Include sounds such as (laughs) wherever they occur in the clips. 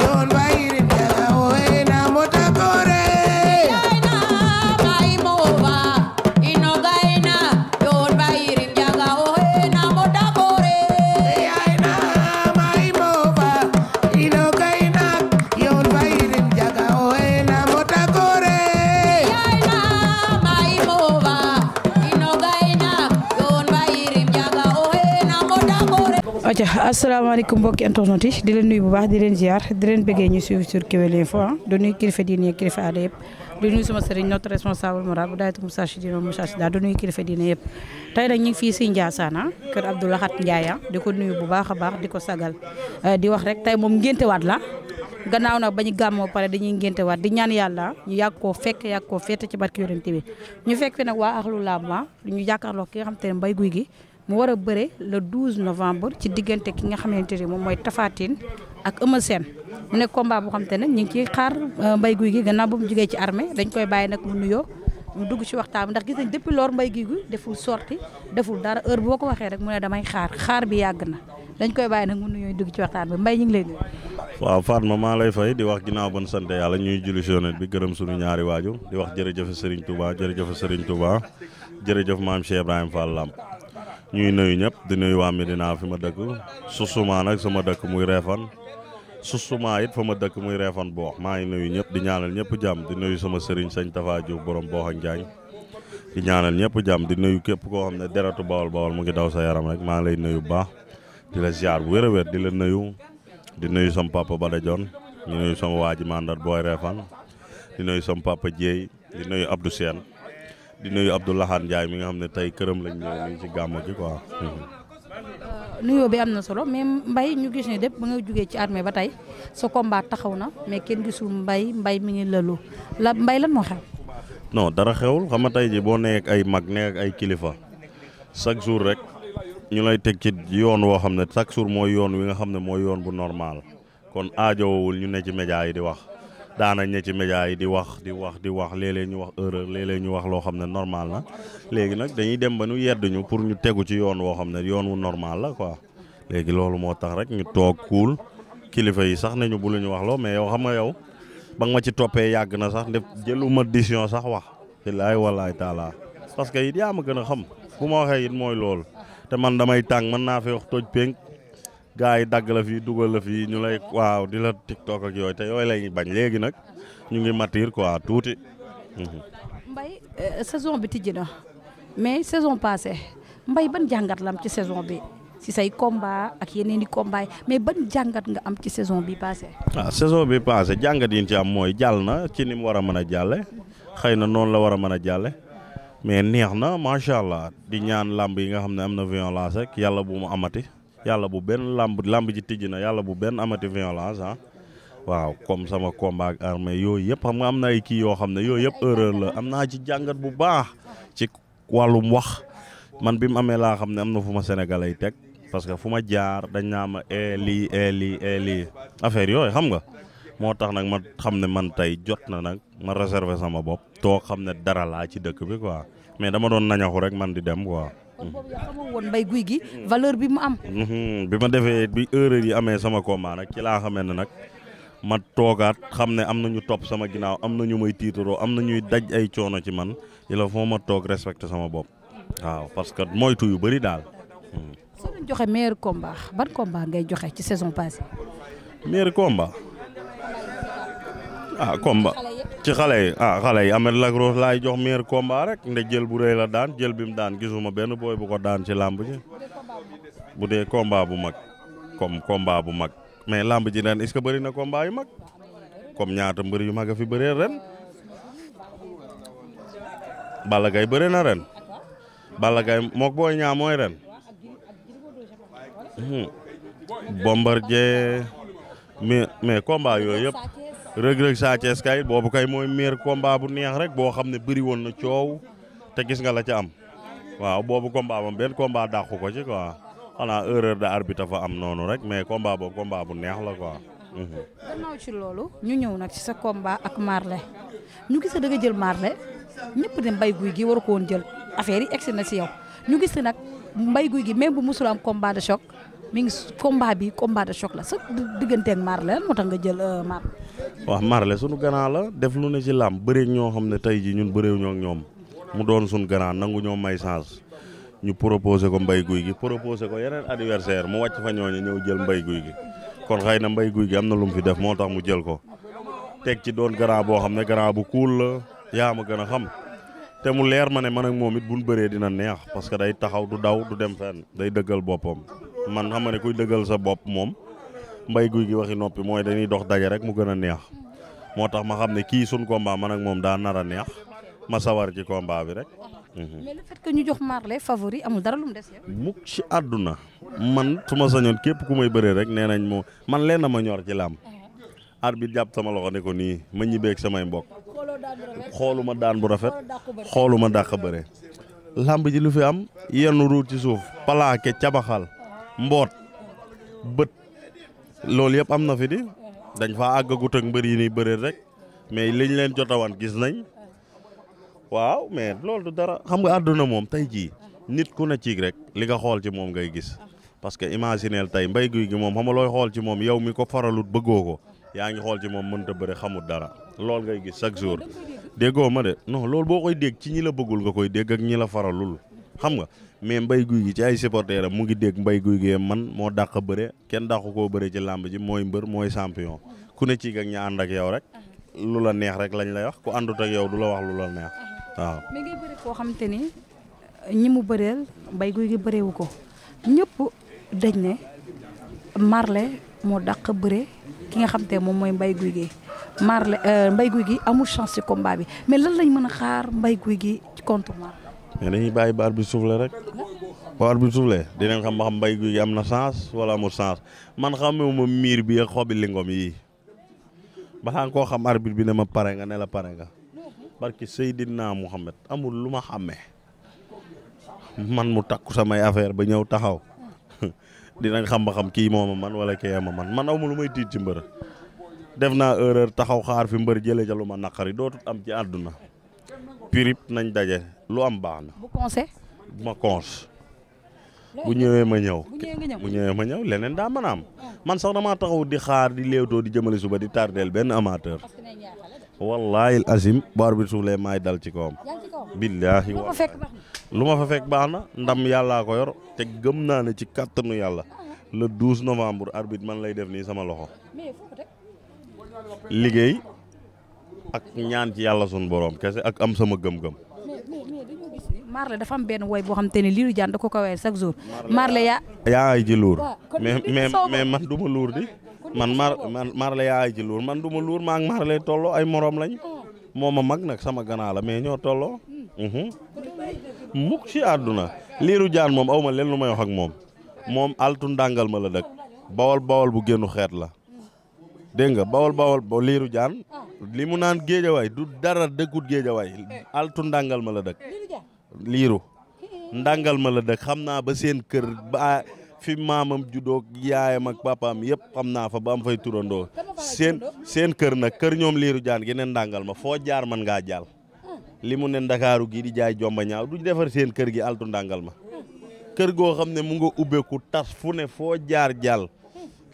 yoon waa asalaamaaleykum mbokki internet yi di leen nuyu bu baax di leen ziar di leen bëggee ñu suivre sur Kewel Info ah. nuyu kilifa diine kilifa di nuyu sama sëriñ notre responsable moral bu daayatu Moussa Chidina Moussa Chida di nuyu kilifa diine yëpp tey nag ñu ngi fii si Ndiassane ah, kër Abdou Lahat Ndiaye ah. di ko nuyu bu baax a baax di ko sagal eh, di wax rek tey moom ngéntewaat la gannaaw nag ba ñu gàmmoo pare dañuy ngéntewaat di ñaan yàlla ñu yàgg koo fekk yàgg koo féete ci barki yonent bi ñu fekk fi nag waa axlu laam ñu jàkkaarloo ki nga xam te mbay guy gi mu war a bëre le 12 novembre ci diggante ki nga xamante ne moom mooy tafaatin ak Eumeu Sène mu nekk combat boo xam te ne ñu ngi ciy xaar euh, mbay guy gi gannaaw ba mu jugee ci armée dañ koy bàyyi nag mu nuyoo dugg ci waxtaan bi ndax gis nañ depuis lors mbay guy gi deful sorti deful dara heure boo ko waxee rek mu ne damay xaar xaar bi yàgg na dañ koy bàyyi nag mu nuyoo dugg ci waxtaan bi mbay ñu ngi lay nuyu. waaw Fatma maa lay fay di wax ginnaaw ban sant yàlla ñuy julli si yonent bi gërëm suñu ñaari waajur di wax jërëjëf Serigne Touba jërëjëf Serigne Touba jërëjëf maam Cheikh Ibrahima Fall ñuy nuyu ñëpp di nuyu waa Medina fi ma dëkk susuma nag sama dëkk muy reefan susuma it fa ma dëkk muy reefan boox maa ngi nuyu ñëpp di ñaanal ñëpp jàmm di nuyu sama sëriñ sëñ Tafa Diouf borom booxa Njaañ di ñaanal ñëpp jàmm di nuyu képp koo xam ne deretu bawol bawol mu ngi daw sa yaram rek maa lay nuyu baax di la ziar bu wér di la nuyu di nuyu sama papa Bada Dione di nuyu sama waa booy reefan di nuyu sama papa Dieye di nuyu abdu Sène di nuyu Abdoulahan Ndiaye mi nga xam ne tey këram lañu ñëw ñu ngi ci gàmmu gi quoi. Euh, nuyoo bi am na solo mais mbay ñu gis ne dépp ba nga jógee ci armée ba tey sa combat taxaw na mais kenn gisul mbay mbay mi ngi lalu la mbay la moo xew. non dara xewul xama nga tey ji boo nekk ay mag nekk ay kilifa chaque jours rek ñu lay teg ci yoon woo xam ne chaque jour mooy yoon wi nga xam ne mooy yoon bu normal kon aajowul ñu ne ci média yi di wax. daanañ ne ci média yi di wax di wax di wax léeg-léeg ñu wax erreur léeg ñu wax loo xam ne normal na léegi nag dañuy dem ba ñu yedduñu pour ñu tegu ci yoon woo xam ne yoon wu normal la ko léegi loolu moo tax rek ñu toog kuul kilifa yi sax nañu bu lu ñu wax loo mais yow xam nga yow ba nga ma ci toppee yàgg na sax def jëluma décision sax wax billaay wallaay taala parce que it yaa ma gën a xam bu ma waxee it mooy lool te man damay tàng mën naa fi toj pénk gars yi dagg la fi dugal la fi ñu lay waaw di la tiktok ak yooyu te yooyu lay bañ léegi nag ñu ngi matir quoi tuuti. Mhm. Mbaye euh, saison bi tijji na mais saison passée Mbaye ban jàngat la am ci saison bi si say combat ak yeneen i combat mais jàngat nga am ci saison bi passée. ah saison bi passée jàngat yi ci am mooy jàll na ci ni mu war a mën a jàlle xëy na noonu la war a mën a jàlle mais neex na macha allah di ñaan lamb yi nga xam ne am na violence rek yàlla bu mu amati. yàlla bu benn làmb làmb ji tijji na yàlla bu benn amati la ah waaw comme sama combat ak armée yooyu yëpp xam nga am na ay kii yoo xam ne yooyu yëpp erreur la am naa ci jàngat bu baax ci wàllum wax man bi mu amee laa xam ne am na fu ma sénégalais teg parce que fu ma jaar dañ naa ma ee eh, lii ee eh, lii ee eh, lii affaire yooyu xam nga moo tax nag ma xam ne man tey jot na nag ma réserver sama bopp toog xam ne dara laa ci dëkk bi quoi mais dama doon nañaxu rek man di dem quoi kon boobu mbay guy gi valeur bi mu am. Mhm, bi ma defee bi erreur yi amee sama combat nag ci laa xamee ne nag ma toogaat xam ne am na ñu topp sama ginnaaw am na ñu may tiitaroo am na ñuy daj ay coono ci man il faut ma toog respecté sama bopp waaw parce que moytu yu bëri daal. Mhm. soo doon joxe meilleur combat ban combat ngay joxe ci saison passée. meilleur combat. a ah, combat ci xale yi ah xale yi Ameth Lac laay jox meilleur combat rek nde jël bu la daan jël bi mu daan gisuma benn booy bu ko daan ci làmb bu dee combat bu mag kom komba bu mag mais làmb ji ren est-ce que na combat yu mag comme ñaata mbër yu mag a fi bëree ren Balla Gaye bëri na ren Balla Gaye mook booy ñaa mooy ren hmm. Bombardier mais mais combat yooyu yëpp rëg-rëg Sa kay boobu kay mooy meilleur combat bu neex rek boo xam ne bëri woon na coow te gis nga la ca am waaw boobu combat moom benn combat dàqu ko ci quoi xanaa erreur de arbitre fa am noonu rek mais combat boobu combat bu neex la quoi. gannaaw mhm. ci loolu ñu ñëw nag ci sa combat ak Marley ñu gis da nga jël Marley ñëpp ne mbay guy gi waru ko woon jël affaire yi egsi na si yow ñu gis nag mbay guy gi même bu musul am combat de choc mi ngi combat bi combat de choc la sa diggante ak Marley moo tax nga jël euh, Marley. waaw maarle sunu gannaaw la def lu ne ci làmb bëreeg ñoo xam ne tey jii ñun bëreewuñoo ak ñoom mu doon sunu gannaaw nangu ñoo may chance ñu proposé ko mbay guy gi proposé ko yeneen adversaire mu wàcc fa ñooñu ñëw jël mbay guy gi kon xëy na mbay guy gi am na lu mu fi def moo tax mu jël ko teg ci doon gannaaw boo xam ne gannaaw bu kuul la yaa ma gën a xam. te mu leer ma ne man ak moom it buñ bëree dina neex parce que day taxaw du daw du dem fenn day dëggal boppam man xam nga ne kuy dëggal sa bopp moom mbay guy gi waxi noppi mooy dañuy dox daje rek mu gën a neex moo tax ma xam ne kii suñ combat man ak moom daa nar a neex ma sawar ci combat bi rek. Mhm. mais le fait que ñu àdduna man su ma sañoon képp ku may bëree rek nee nañ moo man lenn ma ñor ci làmb mhm. arbitre jàpp sama loxo ne ko nii ma ñibbeeg samay mbokk xooluma daan bu rafet xooluma dàq bëre làmb ji lu fi am yenn ruut ci suuf palaake cabaxal mboot bët loolu yëpp am na fi di dañ faa àggagut ak mbër yi ni bëreet rek mais liñ leen jotawan gis nañ waaw mais loolu du dara xam nga àdduna moom tey jii nit ku na ciig rek li nga xool ci moom ngay gis parce que imagineel tey mbay guy gi moom xam looy xool ci moom yow mi ko faralut bëggoo ko yaa ngi xool ci moom mënta bëre xamul dara lool ngay gis chaque jour déggoo ma de non loolu boo koy dégg ci ñi la bëggul nga koy dégg ak ñi la faralul xam nga mais mbay guy gi ci ay supporter am mu ngi dégg mbay guy gi man moo dàq bëre kenn dàqu koo bëre ci làmb ji mooy mbër mooy champion ku ne ci ak ña ànd yow rek lu la neex rek lañ lay wax ku àndut ak yow du la wax lu la neex waaw. mais ni ñi mu bëreel mbay guy gi bëreewu ko ñëpp dañ ne Marley moo dàq bëre ki nga xam moom mooy mbay guy gi Marley euh, mbay guy gi amul chance ci combat bi mais lan lañ mën a xaar mbay guy gi ci contre mais dañuy bàyyi ba arbitre soufflé rek ba arbitre soufflé dinañ xam mbay gi am na sens wala amul sens man xamuma miir bi ak xobi lingom yii balaa nga xam arbitre bi ne ma pare nga ne la pare nga barki Seydina Muhammad amul lu ma xàmmee man mu takku samay affaire ba ñëw taxaw (laughs) dinañ xam ba xam kii moo man wala kii ma man man amul lu may tiit ci mbër def naa erreur taxaw xaar fi mbër jëlee ca lu ma naqari dootul am ci àdduna pirip nañ daje lu am baax na. ma conche. bu ñëwee ma ñëw. bu ñëwee ma ñëw leneen daa mën am. man sax damaa taxaw di xaar di léewtoo di jëmale suba di tardeel benn amateur. wallaahi azim baar bi suuf lee maay dal ci kawam. billaahi wallaahi lu ma fa fekk baax na ndam yàllaa ko yor te gëm naa ne ci kàttanu yàlla ah. le 12 novembre arbitre man lay def nii sama loxo. liggéey. ak ñaan ci yàlla sunu borom kese ak am sama gëm-gëm. Marley dafa benn woy boo xam te ne Lirou Diane da ko ko weer chaque jour. Marley yaa. yaa luur. mais mais man du ma luur di. man Mar man Marley yaa ay ji luur man du ma luur maa ngi Marley tolloo ay moroom lañ. Oh. moo ma mag nag sama ganaa la mais ñoo tolloo. Hmm. Mhm. mukk ci àdduna Lirou Diane moom aw ma leen lu may wax ak moom moom altu ndàngal ma la dëkk bawol bawol bu génnu xeet la. dégg nga bawol bawol bo liiru jaan li mu naan géejawaay du dara dëkkut géejawaay altu ndàngal ma la dëkk liiru ndàngal ma la dëkk xam naa ba seen kër ba fi maamam juddoo yaayam ak papaam yëpp xam naa fa ba am fay turandoo seen seen kër na kër ñoom liiru jaan gi ne ndàngal ma foo jaar man ngaa jàll hmm. li mu ne ndakaaru gii di jaay jomba ñaaw du defar seen kër gi altu ndàngal ma hmm. kër goo xam ne mu nga ubbeeku tas fu ne foo jaar jàll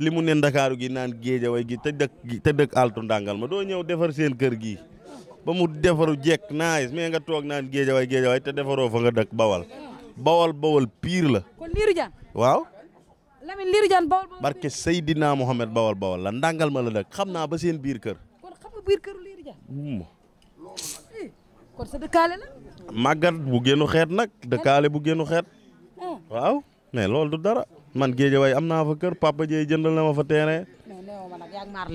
li mu ne ndakaaru gi naan géejawaay gi te dëkk te dëkk altu ndàngal ma doo ñëw defar seen kër gi ba mu defaru jekk naais mais nga toog naan géejawaay géejawaay te defaroo fa nga dëkk bawal bawal bawal piir la kon liiru jaan waaw Lamine barke Seydina Mohamed bawal bawal la ndàngal ma la dëkk xam naa ba seen biir kër kon eh, màggat bu génnu xeet nag dëkkaale bu génnu xeet ah. waaw mais loolu du dara man géejawaay am naa fa kër papa Dieye jëndal na ma fa terrain.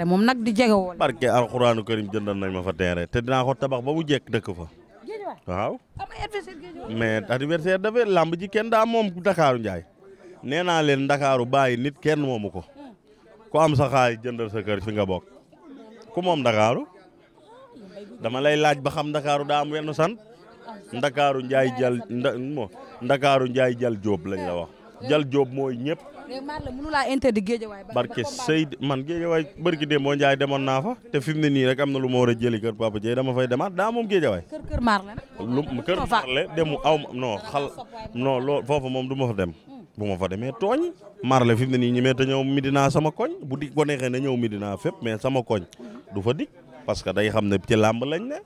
moom nag di jege woon. barke alxuraanu karim jëndal nañ ma fa terrain te dinaa ko tabax ba mu jekk dëkk fa. waaw. mais adversaire dafay làmb ji kenn daa moom ndakaaru Njaay nee naa leen Dakaaru bàyyi nit kenn moomu ko hmm. ku am sa xaay jëndal sa kër fi nga bokk ku moom Dakaaru dama lay laaj ba xam ndakaaru daa am wenn sant Ndakaaru Njaay jal nda Ndakaaru Njaay jal Jóob lañ la wax. Jal joob mooy ñëpp. barke Seyd man géejawaay barki dee moo Njaay demoon naa fa te fi mu ne nii rek am na lu ma war a jëli kër Papa Dieye dama fay demaat daa moom géejawaay. kër Marle lu kër Marle demu aw non xal non loo foofu moom du ma fa dem. Hmm. bu ma fa demee tooñ. Marle fi mu ne nii ñemee te ñëw Midina sama koñ bu dik ko neexee na ñëw Midina fépp mais sama koñ du fa dik parce que day xam ne ci làmb lañ ne.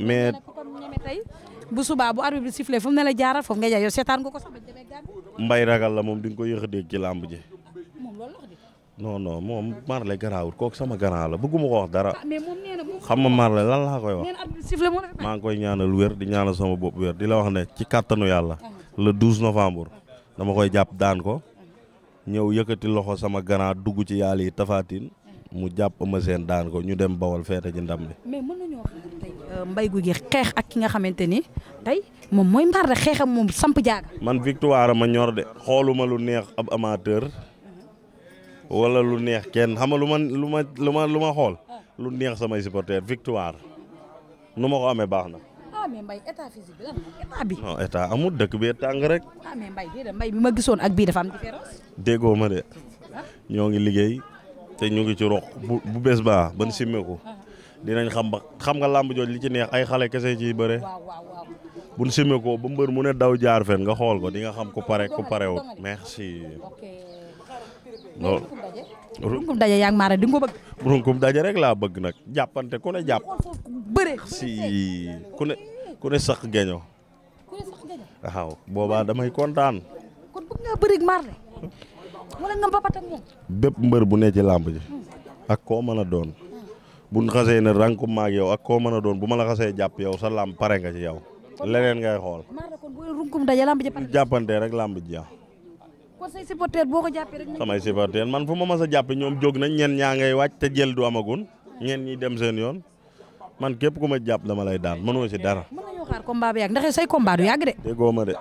mais bu subaa bu arbitre bi sifflé fu mu ne jaaral foofu nga jaay seetaan nga ko sax mbay ragal la moom di koy ko yéex a dégg ci làmb ji. moom loolu la non non moom Marley garaawul kooku sama garaaw la bëgguma ko wax dara. Ah, xam ma Marley lan laa koy wax. maa ngi koy ñaanal wér di ñaanal sama bopp wér di la wax ne ci kàttanu yàlla. le 12 novembre. dama koy jàpp daan ko. ñëw yëkkati loxo sama garaaw dugg ci yàlla yi tafaatin mu jàpp ma seen daan ko ñu dem bawal feete ji ndam li. Euh, Mbaye Gouy Gui xeex ak ki nga xamante ni tey moom mooy mbaar de xeexam moom samp jaaga. man victoire ma ñor de xooluma lu neex ab amateur wala lu neex kenn xam lu ma lu ma lu ma xool lu neex samay supporter victoire nu ma ko ame baax na. ah mais amul dëkk bi tàng rek. ah mais Mbaye bi ma gisoon ak bii dafa am différence. déggoo ma de ah. ñoo ngi liggéey te ñu ngi ci roq bu bu bés baa ban simmeeku ah. dinañ xam ba xam nga làmb jooj li ci neex ay xale kese ciy bëre buñ simee ko ba mbër mu ne daw jaar fen nga xool ko di nga xam ku pare ku parewut merci loolu runkum daje yaa ngi maara di ko bëgg runkum daje rek laa bëgg nag jàppante ku ne jàpp bëre si ku ne ku geño waaw boobaa damay kontaan bëgg nga bëre ak Marley wala bépp mbër bu ne ci làmb ji ak koo mën a doon buñ xasee ne renkum maag yow ak koo mën a doon bu ma la xasee jàpp yow sa làmb pare nga ci yow leneen ngay xool jàppante rek làmb ji kon say samay supporter man fu ma mas a jàppe ñoom jóg nañ ñen ñaa ngay wàcc te jël du amagun ñen ñi dem seen yoon man képp ku ma jàpp dama lay daan mënoo ci dara mën nañoo say combat du de ma de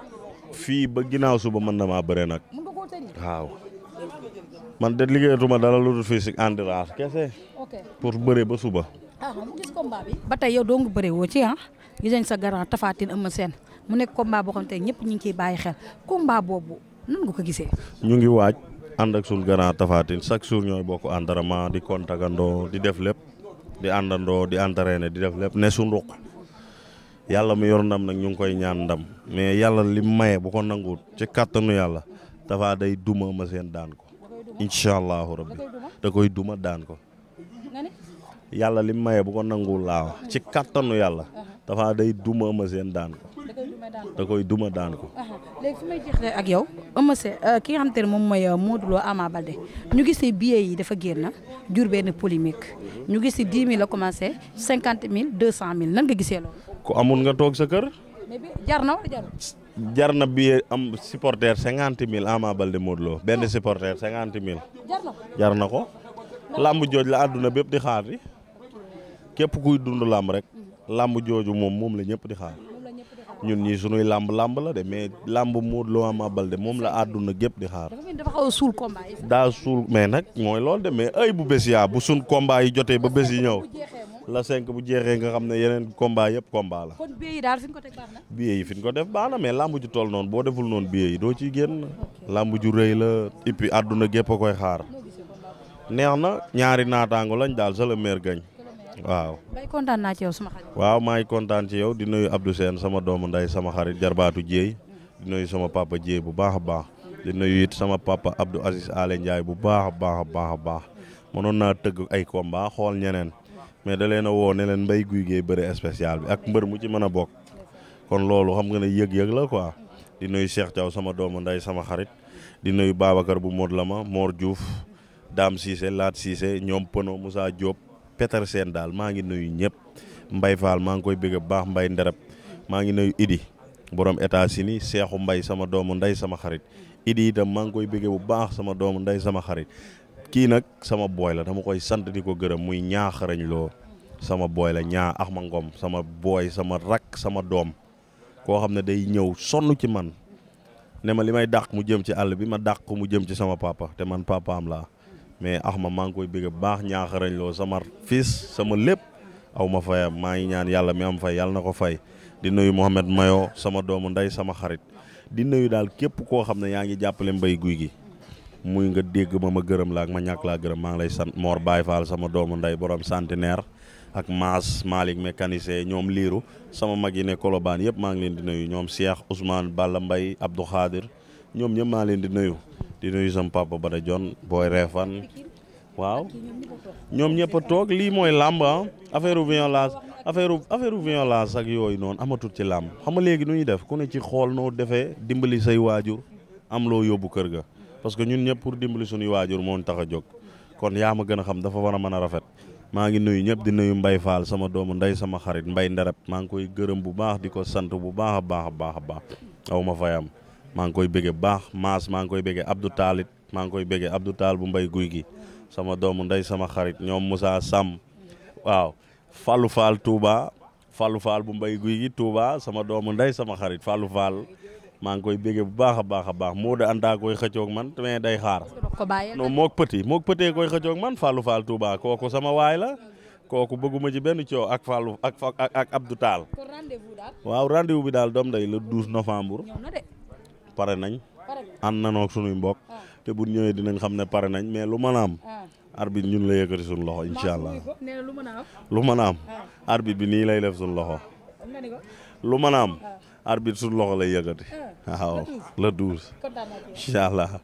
fii ba ginnaaw suba mën na maa bëre nag waaw man de liggéeyatuma dara lu dul physique endurance kese. pour bëre ba suba. ah ba tey yow doo nga bëree woo ci ah gis nañ sa garant Tafatine Eumeu Sène mu nekk combat boo xam te ñëpp ñu ngi ciy bàyyi xel combat boobu nan nga ko gisee. ñu ngi waaj ànd ak suñu garant Tafatine chaque jour ñooy bokk entraînement di kontagandoo di def lépp di àndandoo di entraîné di def lépp ne suñu ruq yàlla mu yor ndam nag ñu ngi koy ñaan ndam mais yàlla li maye bu ko nanguwut ci kàttanu yàlla dafa incha allahu rabbi da koy duma daan ko. yàlla li maye bu ko nanguwul laaw ci kattanu yàlla dafa day duma Eumeu Sène daan ko. da koy duma daan ko. ak yow Eumeu Sène euh, ki nga xamante ne moom mooy euh, Modou Lo Ama ñu gis ne billets yi dafa génn jur benn polémique ñu gis ne 10 000 la commencé 50 000 200 000 nan nanga gisee loolu. ku amul nga toog sa kër. mais bi jar na jar na billet am supporter cinquante mille Ama Baldé Modou Lo benn supporter cinquante mille jar na ko lamb jooj la àdduna bépp di xaar yi képp kuy dund làmb rek làmb jooju moom moom la ñëpp di xaar ñun ñii sunuy làmb lamb la de mais lamb Modou Lo Ama Baldé moom la àdduna gépp di xaar daa suul mais nag mooy loolu de mais ay bu bés yaa bu sun combat yi jotee ba bés yi ñëw la cinq bu jeexee nga xam ne yeneen combat yëpp combat la. kon billet yi fi ko teg baax def baax na mais làmb ju toll noonu boo deful noon billet yi doo ciy génn. làmb ju rëy la et puis àdduna gépp a koy xaar. neex na ñaari naataango lañ daal sa le maire gañ waaw. bay kontaan ci yow sama xarit. waaw maa ngi kontaan yow di nuyu Abdou Sène sama doomu nday sama xarit jarbaatu Dieye. di nuyu sama papa Dieye bu baax a baax. di nuyu it sama papa Abdou Aziz Ale Ndiaye bu baax a baax baax a baax mënoon naa tëgg ay combat xool ñeneen. mais da leen a woo ne leen Mbaye Gouye Gui bëre spécial bi ak mbër mu ci mën a bokk kon loolu xam nga ne yëg-yëg la quoi di nuyu Cheikh Thiaw sama doomu nday sama xarit di nuyu Babacar bu Mod Lama Mor Diouf Dame Cissé Laat Cissé ñoom Pono Moussa Diop Peter daal maa ngi nuyu ñëpp Mbaye Fall maa ngi koy bëgg baax mbay Ndereb maa ngi nuyu Idi borom États-Unis Seexu mbay sama doomu nday sama xarit Idi itam maa ngi koy bëgg bu baax sama doomu nday sama xarit kii nag sama booy la dama koy sant di ko gërëm muy ñaa xarañ sama booy la ñaa ax ma ngom sama booy sama rak sama doom koo xam ne day ñëw sonn ci man ne ma li may dàq mu jëm ci àll bi ma dàq mu jëm ci sama papa te man papa am laa mais ax ma maa ngi koy bëgg baax ñaa xarañ sama fils sama lépp aw ma fayam maa ngi ñaan yàlla mi am fay yàlla na ko fay di nuyu Mouhamed Mayo sama doomu ndey sama xarit di nuyu daal képp koo xam ne yaa ngi jàppale mbay guy gi muy nga dégg ma ma gërëm la ak ma ñàkk laa gërëm maa ngi lay sant moor Baye faal sama doomu ndey borom centenaire ak Maas Malick mécanicien ñoom liiru sama mag yi ne Colobane yëpp maa ngi leen di nuyu ñoom Cheikh Ousmane Balla Mbaye Abdou Khadir ñoom ñëpp maa leen di nuyu di nuyu sama papa Bada John booy reefan waaw ñoom ñëpp toog lii mooy làmb ah affaire violence affaire affaire violence ak yooyu noonu amatul ci làmb xam nga léegi nu def ku ne ci xool noo defee dimbali say waajur am loo kër ga. parce que ñun ñëpp pour dimbali suñuy waajur moo tax a jog kon yaa ma gën a xam dafa war a mën a rafet maa ngi nuyu ñëpp di nuyu mbay Fall sama doomu ndey sama xarit mbay Ndereb maa ngi gërëm bu baax di ko sant bu baax a baax a baax a baax aw ma fayam maa ngi koy bëggee baax maas maa ngi koy bëggee Abdou Taal it maa ngi koy bëggee Abdou bu mbay guy gi sama doomu nday sama xarit ñoom Moussa Sam waaw Fallou Fall Touba Fallou bu mbay guy gi sama doomu ndey sama xarit Fallou Fall maa ngi koy béggee bu baax a baax a baax moo de andaa koy xëccoog man mais day xaar non mook pëti mook pëtee koy xëccoog man Fallou Fall Touba kooku sama waay la kooku bëgguma ci benn coow ak Fallou ak ak Abdou waaw rendez bi daal doom day la 12 novembre pare nañ ànd nanoog suñuy mbok ah. te bu ñëwee dinañ xam ne pare nañ mais lu manaam a am ah. arbitre ñun la yëkkati suñu loxo incha allah lu mën a am ah. arbitre bi nii lay def suñu loxo lu mën a am arbitre suñu lay yëkkati waaw le douze incha